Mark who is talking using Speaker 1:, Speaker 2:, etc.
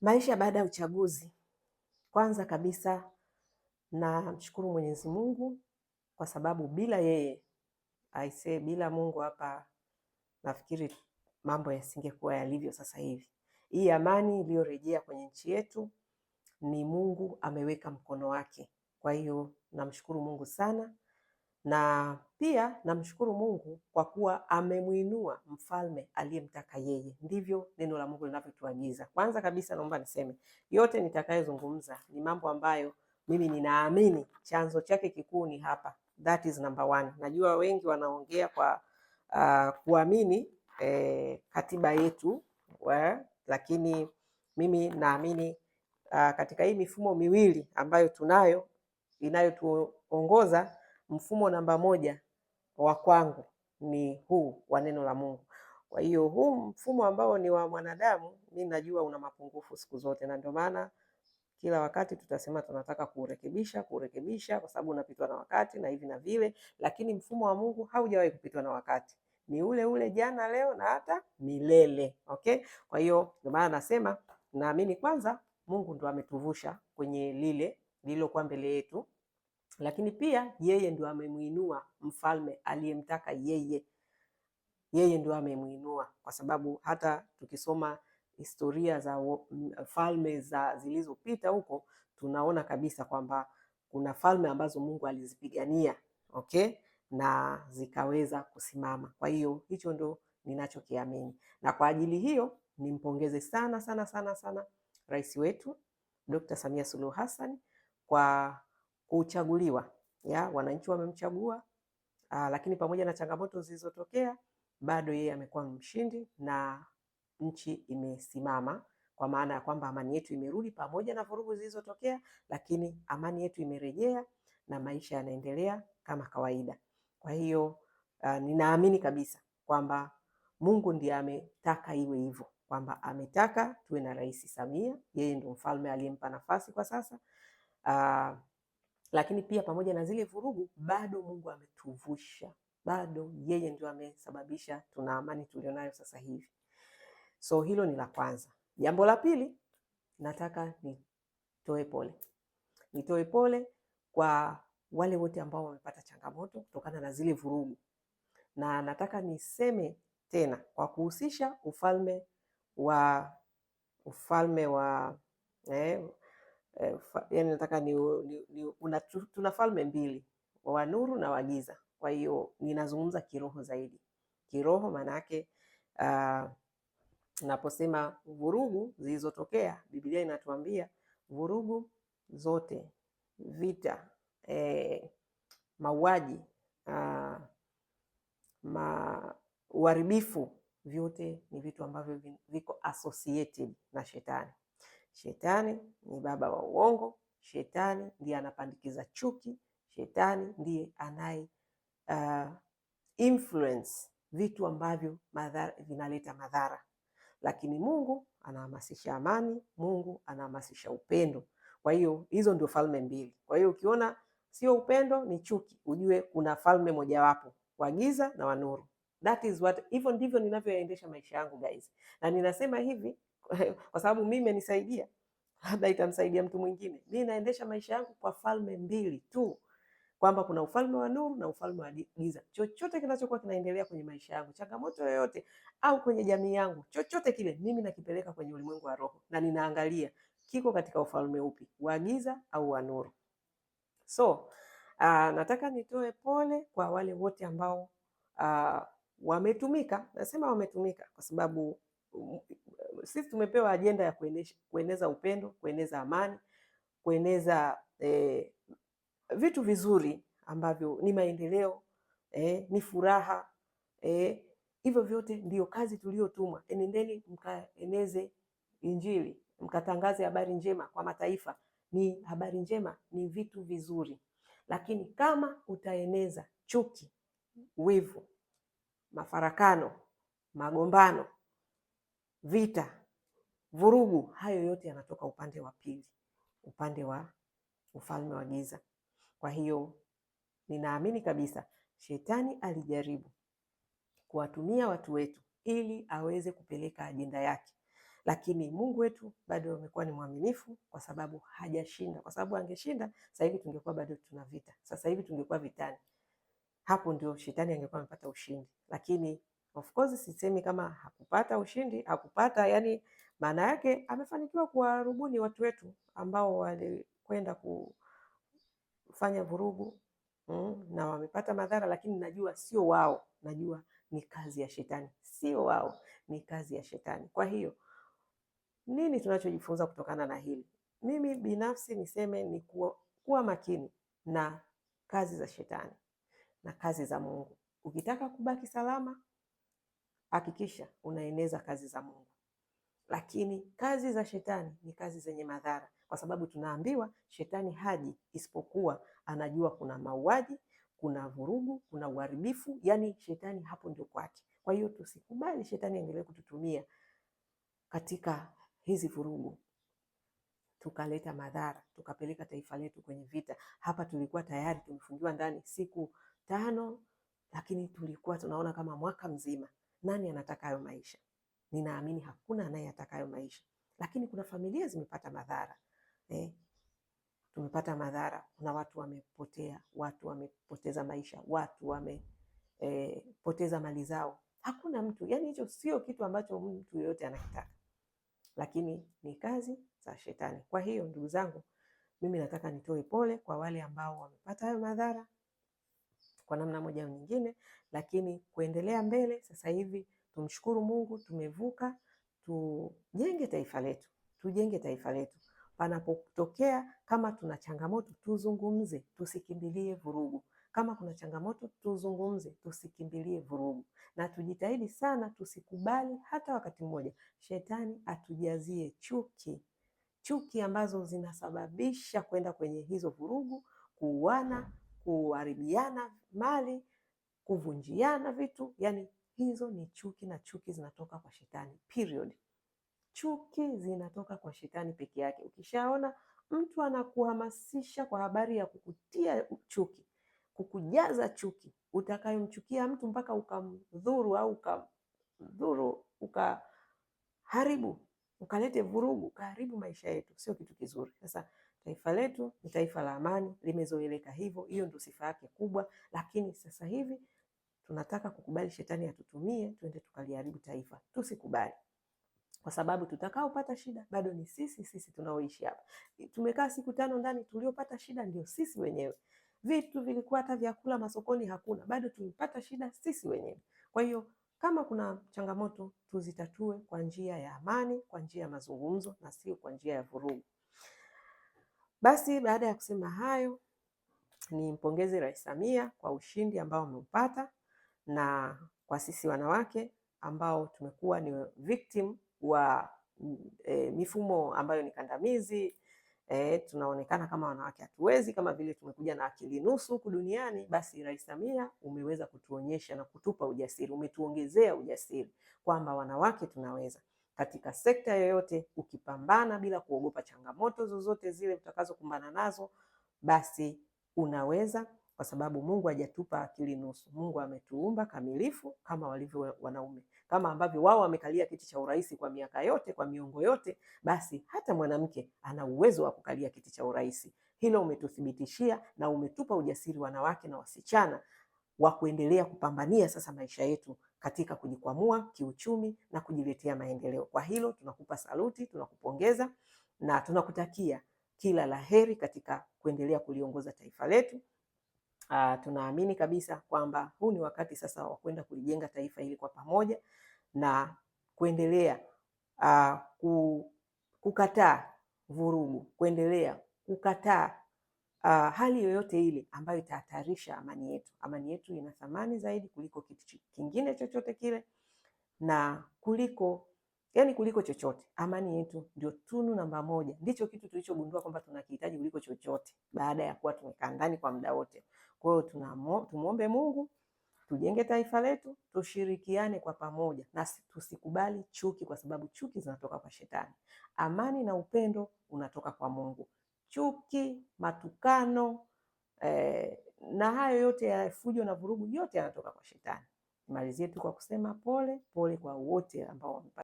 Speaker 1: Maisha baada ya uchaguzi. Kwanza kabisa namshukuru Mwenyezi Mungu kwa sababu bila yeye aisee, bila Mungu hapa nafikiri mambo yasingekuwa yalivyo sasa hivi. Hii amani iliyorejea kwenye nchi yetu ni Mungu ameweka mkono wake. Kwa hiyo namshukuru Mungu sana na pia namshukuru Mungu kwa kuwa amemwinua mfalme aliyemtaka yeye. Ndivyo neno la Mungu linavyotuagiza. Kwanza kabisa, naomba niseme yote nitakayozungumza ni mambo ambayo mimi ninaamini chanzo chake kikuu ni hapa. That is number one. Najua wengi wanaongea kwa uh, kuamini eh, katiba yetu well, eh, lakini mimi naamini uh, katika hii mifumo miwili ambayo tunayo inayotuongoza mfumo namba moja wa kwangu ni huu wa neno la Mungu. Kwa hiyo huu mfumo ambao ni wa mwanadamu, mi najua una mapungufu siku zote, na ndio maana kila wakati tutasema tunataka kurekebisha kurekebisha, kwa sababu unapitwa na wakati na hivi na vile, lakini mfumo wa Mungu haujawahi kupitwa na wakati, ni ule ule jana, leo na hata milele. Okay, kwa hiyo ndio maana nasema naamini kwanza Mungu ndo ametuvusha kwenye lile lililokuwa mbele yetu lakini pia yeye ndio amemwinua mfalme aliyemtaka yeye. Yeye ndio amemwinua, kwa sababu hata tukisoma historia za falme za zilizopita huko tunaona kabisa kwamba kuna falme ambazo Mungu alizipigania okay, na zikaweza kusimama. Kwa hiyo hicho ndo ninachokiamini, na kwa ajili hiyo nimpongeze sana sana sana sana rais wetu Dr. Samia Suluhu Hassan kwa kuchaguliwa ya wananchi wamemchagua. lakini pamoja na changamoto zilizotokea bado yeye amekuwa mshindi na nchi imesimama, kwa maana ya kwamba amani yetu imerudi pamoja na vurugu zilizotokea, lakini amani yetu imerejea na maisha yanaendelea kama kawaida. Kwa hiyo uh, ninaamini kabisa kwamba Mungu ndiye ametaka iwe hivyo, kwamba ametaka tuwe na Rais Samia, yeye ndio mfalme aliyempa nafasi kwa sasa uh, lakini pia pamoja na zile vurugu, bado Mungu ametuvusha, bado yeye ndio amesababisha tuna amani tulionayo sasa hivi. So hilo ni la kwanza. Jambo la pili, nataka nitoe pole, nitoe pole kwa wale wote ambao wamepata changamoto kutokana na zile vurugu, na nataka niseme tena kwa kuhusisha ufalme wa ufalme wa eh, eh, yani nataka ni, ni, ni, una, tuna falme mbili wa nuru na wagiza Kwa hiyo ninazungumza kiroho zaidi. Kiroho maana yake uh, ah, naposema vurugu zilizotokea, Biblia inatuambia vurugu zote, vita, eh, mauaji, uh, ma uharibifu, vyote ni vitu ambavyo viko associated na shetani. Shetani ni baba wa uongo, shetani ndiye anapandikiza chuki, shetani ndiye anaye uh, influence vitu ambavyo madhara, vinaleta madhara. Lakini Mungu anahamasisha amani, Mungu anahamasisha upendo. Kwa hiyo hizo ndio falme mbili. Kwa hiyo ukiona sio upendo ni chuki, ujue kuna falme mojawapo, wa giza na wa nuru. That is what, hivyo ndivyo ninavyoendesha maisha yangu guys, na ninasema hivi kwa sababu mimi imenisaidia, labda itamsaidia mtu mwingine. Mimi naendesha maisha yangu kwa falme mbili tu, kwamba kuna ufalme wa nuru na ufalme wa giza. Chochote kinachokuwa kinaendelea kwenye maisha yangu, changamoto yoyote, au kwenye jamii yangu, chochote kile, mimi nakipeleka kwenye ulimwengu wa roho na ninaangalia kiko katika ufalme upi, wa giza au wa nuru. So uh, nataka nitoe pole kwa wale wote ambao uh, wametumika. Nasema wametumika kwa sababu sisi tumepewa ajenda ya kueneza upendo, kueneza amani, kueneza eh, vitu vizuri ambavyo ni maendeleo eh, ni furaha eh, hivyo vyote ndiyo kazi tuliyotumwa. Enendeni mkaeneze Injili, mkatangaze habari njema kwa mataifa. Ni habari njema, ni vitu vizuri, lakini kama utaeneza chuki, wivu, mafarakano, magombano, vita vurugu, hayo yote yanatoka upande wa pili, upande wa ufalme wa giza. Kwa hiyo ninaamini kabisa shetani alijaribu kuwatumia watu wetu ili aweze kupeleka ajenda yake, lakini Mungu wetu bado amekuwa ni mwaminifu, kwa sababu hajashinda. Kwa sababu angeshinda, sasa hivi tungekuwa bado tuna vita, sasa hivi tungekuwa vitani. Hapo ndio shetani angekuwa amepata ushindi, lakini of course sisemi kama hakupata ushindi, hakupata yani maana yake amefanikiwa kuwarubuni watu wetu ambao walikwenda kufanya vurugu mm, na wamepata madhara, lakini najua sio wao, najua ni kazi ya shetani, sio wao, ni kazi ya shetani. Kwa hiyo nini tunachojifunza kutokana na hili? Mimi binafsi niseme ni kuwa, kuwa makini na kazi za shetani na kazi za Mungu. Ukitaka kubaki salama, hakikisha unaeneza kazi za Mungu. Lakini kazi za shetani ni kazi zenye madhara, kwa sababu tunaambiwa shetani haji isipokuwa anajua kuna mauaji, kuna vurugu, kuna uharibifu. Yani shetani hapo ndio kwake. Kwa hiyo tusikubali shetani aendelee kututumia katika hizi vurugu tukaleta madhara tukapeleka taifa letu kwenye vita. Hapa tulikuwa tayari tumefungiwa ndani siku tano, lakini tulikuwa tunaona kama mwaka mzima. Nani anataka hayo maisha? ninaamini hakuna anayeatakayo maisha, lakini kuna familia zimepata madhara eh? Tumepata madhara, kuna watu wamepotea, watu wamepoteza maisha, watu wamepoteza eh, mali zao. Hakuna mtu yani, hicho sio kitu ambacho mtu yoyote anakitaka, lakini ni kazi za Shetani. Kwa hiyo ndugu zangu, mimi nataka nitoe pole kwa wale ambao wamepata hayo madhara kwa namna moja au nyingine, lakini kuendelea mbele sasa hivi Tumshukuru Mungu tumevuka, tujenge taifa letu, tujenge taifa letu. Panapotokea kama tuna changamoto tuzungumze, tusikimbilie vurugu. Kama kuna changamoto tuzungumze, tusikimbilie vurugu, na tujitahidi sana tusikubali hata wakati mmoja shetani atujazie chuki, chuki ambazo zinasababisha kwenda kwenye hizo vurugu, kuuana, kuharibiana mali, kuvunjiana vitu, yani Hizo ni chuki, na chuki zinatoka kwa shetani period. Chuki zinatoka kwa shetani peke yake. Ukishaona mtu anakuhamasisha kwa habari ya kukutia chuki, kukujaza chuki, utakayomchukia mtu mpaka ukamdhuru au ukamdhuru, ukaharibu, ukalete vurugu, ukaharibu maisha yetu, sio kitu kizuri. Sasa taifa letu ni taifa la amani, limezoeleka hivyo. Hiyo ndio sifa yake kubwa, lakini sasa hivi tunataka kukubali shetani atutumie tuende tukaliharibu taifa. Tusikubali, kwa sababu tutakaopata shida bado ni sisi sisi tunaoishi hapa. Tumekaa siku tano ndani, tuliopata shida ndio sisi wenyewe. Vitu vilikuwa hata vyakula masokoni hakuna, bado tulipata shida sisi wenyewe. Kwa hiyo kama kuna changamoto tuzitatue kwa njia ya amani, kwa njia ya mazungumzo na sio kwa njia ya vurugu. Basi baada ya kusema hayo, nimpongeze Rais Samia kwa ushindi ambao ameupata na kwa sisi wanawake ambao tumekuwa ni victim wa e, mifumo ambayo ni kandamizi e, tunaonekana kama wanawake hatuwezi, kama vile tumekuja na akili nusu huku duniani. Basi Rais Samia umeweza kutuonyesha na kutupa ujasiri, umetuongezea ujasiri kwamba wanawake tunaweza katika sekta yoyote, ukipambana bila kuogopa changamoto zozote zile utakazokumbana nazo, basi unaweza kwa sababu Mungu hajatupa akili nusu. Mungu ametuumba kamilifu kama walivyo wanaume. Kama ambavyo wao wamekalia kiti cha urais kwa miaka yote, kwa miongo yote, basi hata mwanamke ana uwezo wa kukalia kiti cha urais. Hilo umetuthibitishia na umetupa ujasiri wanawake na wasichana wa kuendelea kupambania sasa maisha yetu katika kujikwamua kiuchumi na kujiletea maendeleo. Kwa hilo tunakupa saluti, tunakupongeza na tunakutakia kila la heri katika kuendelea kuliongoza taifa letu uh, tunaamini kabisa kwamba huu ni wakati sasa wa kwenda kulijenga taifa hili kwa pamoja na kuendelea uh, kukataa vurugu, kuendelea kukataa uh, hali yoyote ile ambayo itahatarisha amani yetu. Amani yetu ina thamani zaidi kuliko kitu kingine chochote kile na kuliko yani kuliko chochote. Amani yetu ndio tunu namba moja, ndicho kitu tulichogundua kwamba tunakihitaji kuliko chochote, baada ya kuwa tumekaa ndani kwa muda wote. Kwa hiyo tumwombe Mungu tujenge taifa letu, tushirikiane kwa pamoja na tusikubali chuki, kwa sababu chuki zinatoka kwa Shetani. Amani na upendo unatoka kwa Mungu. Chuki, matukano eh, na hayo yote ya fujo na vurugu, yote yanatoka kwa Shetani. Malizie tu kwa kusema pole pole kwa wote ambao